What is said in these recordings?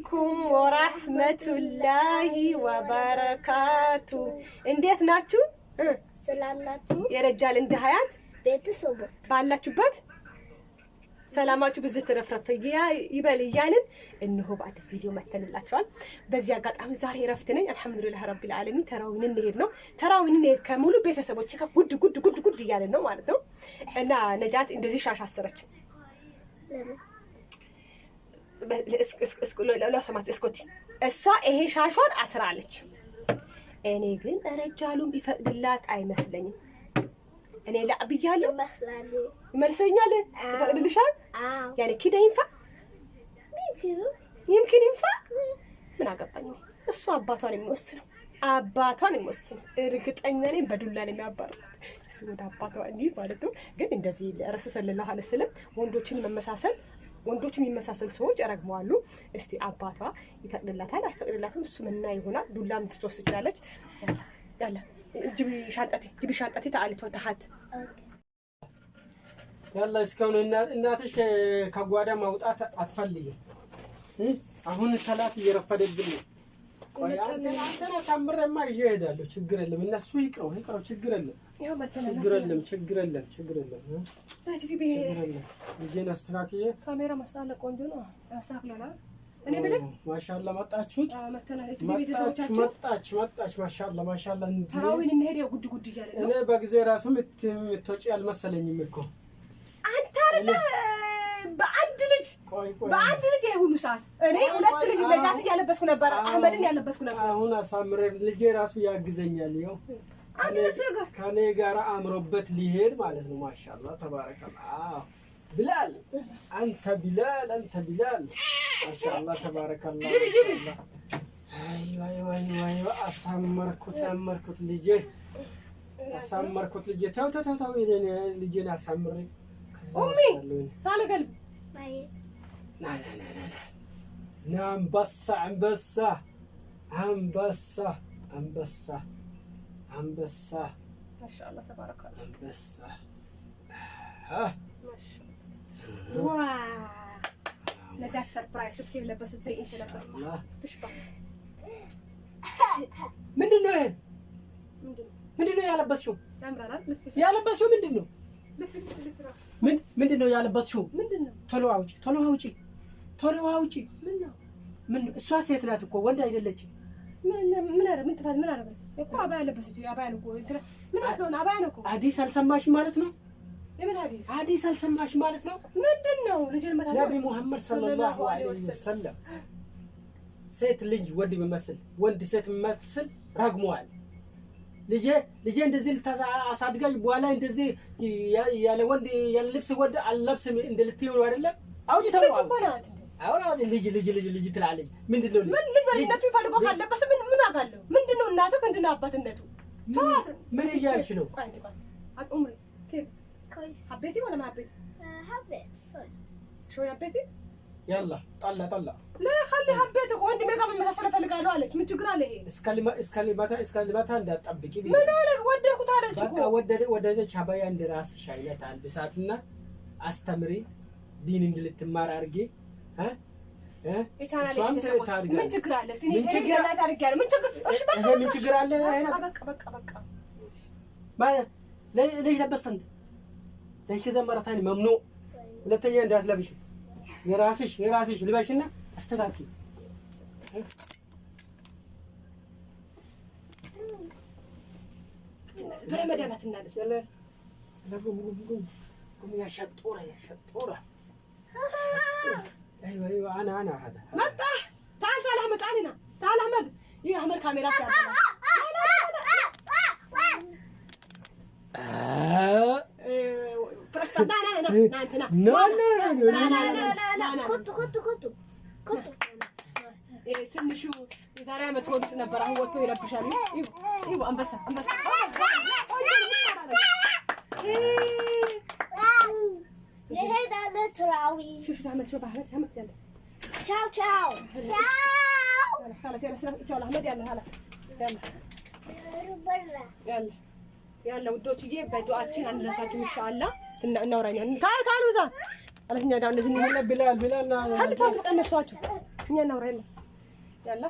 አለይኩም ወራህመቱላሂ ወበረካቱ። እንዴት ናችሁ ስላላችሁ የረጃል እንደ ሀያት ቤተሰቦች ባላችሁበት ሰላማችሁ ብዙ ትረፍረፍ ይበል እያልን እንሆ በአዲስ ቪዲዮ መተንላችኋል። በዚህ አጋጣሚ ዛሬ ረፍት ነኝ፣ አልሐምዱሊላህ ረቢል ዓለሚን። ተራዊን እንሄድ ነው። ተራዊን እንሄድ ከሙሉ ቤተሰቦች ጋር ጉድ ጉድ ጉድ ጉድ እያልን ነው ማለት ነው። እና ነጃት እንደዚህ ሻሽ አሰረች። ለሰማት እስኮቲ እሷ ይሄ ሻሿን አስራለች። እኔ ግን ረጃሉን ቢፈቅድላት አይመስለኝም። እኔ ላብያለሁ ይመስለኛል። ይፈቅድልሻል? ያኔ ኪደ ይንፋ ይምኪን ይንፋ ምን አገባኝ። እሱ አባቷን የሚወስነው አባቷን የሚወስነው እርግጠኛ ነኝ። በዱላ ነው የሚያባርራት ወደ አባቷ እንዲህ ማለት ነው። ግን እንደዚህ ረሱ ሰለላሁ ዐለይሂ ወሰለም ወንዶችን መመሳሰል ወንዶቹ የሚመሳሰሉ ሰዎች ያረግመዋሉ። እስቲ አባቷ ይፈቅድላታል አይፈቅድላትም፣ እሱ ምና ይሆናል። ዱላም ትትወስ ትችላለች። ያለ ጅቢ ሻንጣቴ ተአልቶ ተሀት ያለ እስካሁን እናትሽ ከጓዳ ማውጣት አትፈልግም። አሁን ሰላት እየረፈደብን ነው። ቆይ አንተን አሳምሬማ ይዤ እሄዳለሁ። ችግር የለም እነሱ ይቅረው ይቅረው፣ ችግር የለም ችግር የለም፣ ችግር የለም፣ ችግር የለም፣ ችግር የለም። ልጄን አስተካክዬ ካሜራ መሳለ ቆንጆ ነው፣ ያስተካክለናል። እኔ ብለህ ማሻላ መጣችሁት፣ መጣች መጣች፣ ማሻላ ማሻላ። ተራዊን እንሄድ ያው ጉድ ጉድ እያለ እኔ በጊዜ ራሱ የምትወጪ አልመሰለኝም እኮ አንተ አይደለ በአንድ ልጅ በአንድ ልጅ ይሄ ሁሉ ሰዓት እኔ ሁለት ልጅ ነጃት እያለበስኩ ነበር፣ አህመድን ያለበስኩ ነበር። አሁን አሳምሬ ልጄ ራሱ ያግዘኛል ይኸው ከኔ ጋር አምሮበት ሊሄድ ማለት ነው። ማሻላ ተባረከላ ብላል፣ አንተ ቢላል፣ አንተ ቢላል። ማሻላ ተባረከላ። አሳመርኩት፣ አሳመርኩት ልጄ፣ አሳመርኩት ልጄ። ተው ተው ተው ተው፣ ልጄን አሳምሬ አንበሳ አንበሳ ማሻአላ ተባረካል። አንበሳ ዋ ነጃት ሰርፕራይዝ ሽፍት የለበሰት ዘይ የተለበስታ ትሽባ ምንድን ነው ይሄ? ምንድን ነው ያለበስሽው? ያለበስሽው ምንድን ነው? ምንድን ነው ያለበስሽው? ቶሎ አውጪ! ቶሎ አውጪ! ቶሎ አውጪ! ምን ነው? እሷ ሴት ናት እኮ ወንድ አይደለችም። ምን ምን ምን እኮ አባያ ለበሰች። አባያ ነው እኮ ምን አስለሆነ አባያ ነው እኮ። አዲስ አልሰማሽም ማለት ነው። የምን አዲስ አዲስ አልሰማሽም ማለት ነው። ምንድን ነው ልጅን መታ ነቢ ሙሐመድ ሰለላሁ ዐለይሂ ወሰለም ሴት ልጅ ወንድ የሚመስል ወንድ ሴት የሚመስል ረግሟል ልጄ ልጄ እንደዚህ አሳድጋሽ በኋላ እንደዚህ ያለ ወንድ ያለ ልብስ ወንድ አልለብስም እንደ ልትይው አይደለም አውጪ ተባለ አሁን አሁን ልጅ ልጅ ልጅ ልጅ ትላለች። ምንድን ነው ምን ልጅነቱ ፈልጎ ካለበስ ምን ምን አውቃለሁ። ምንድን ነው እናቱ ምንድን ነው አባትነቱ ምን እያልሽ ነው? ያላ ጠላ ጠላ ለካለ ሀቤት ወንድሜ ጋር መመሳሰል እፈልጋለሁ አለች። ምን ችግር አለ? ይሄ እስከልማታ እንዳትጠብቂ ምን አለ ወደድኩት አለች። በቃ ወደደች። ሀባያ እንደ አይነት አልብሳትና አስተምሪ ዲን እንድልትማር አድርጌ ምን ችግር አለ? ምን ችግር አለ? ለይሽ ለበስተን ዘይሽ ከዘመረታኒ መምኖ ሁለተኛ እንዳትለብሽ የራስሽ የራስሽ ልበሽና አስተካክል። በረመዳን አትናደድ። ايوه ايوه انا انا هذا متى تعال تعال احمد تعال هنا تعال احمد يا احمد كاميرا لا لا لا لا لا لا لا كنت كنت كنت كنت سن شو የዛሬ አመት ወንድ ነበር። አሁን ወጥቶ ይረብሻል። ይኸው አንበሳ አንበሳ تراوي شوف شوف اعمل شوف احمد احمد يلا تشاو تشاو تشاو خلاص خلاص يلا سلام تشاو احمد يلا هلا يلا برا يلا يلا ውዶችዬ በዱአችን አንረሳችሁ ኢንሻአላህ እናወራኛለን። ታዲያ ታዲያ እዛ አለች እኛ ዳው እንደዚህ ብላል ብላል ታዲያ ታዲያ ጸነሷችሁ እኛ እናወራለን ያላ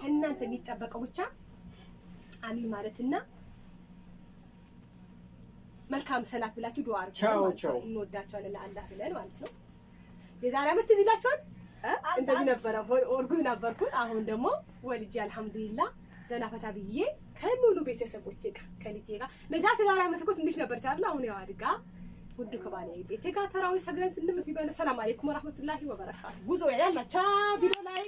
ከእናንተ የሚጠበቀው ብቻ አሚን ማለትና መልካም ሰላት ብላችሁ ዱዓ አድርጉ። እንወዳቸዋለን ለአላህ ብለን ማለት ነው። የዛሬ ዓመት ትዝ ይላችኋል። እንደዚህ ነበረ፣ እርጉዝ ነበርኩ። አሁን ደግሞ ወልጄ አልሐምዱሊላህ ዘና ፈታ ብዬ ከሙሉ ቤተሰቦቼ ጋር ከልጄ ጋር ነጃት። የዛሬ ዓመት እኮ ትንሽ ነበር፣ አሁን ያው አድጋ ውድ ከባለ ቤቴ ጋር ተራዊ ሰግረን ስንምት ቢበለ ሰላም አለይኩም ወራህመቱላሂ ወበረካቱ ጉዞ ያላቻ ቪዲዮ ላይ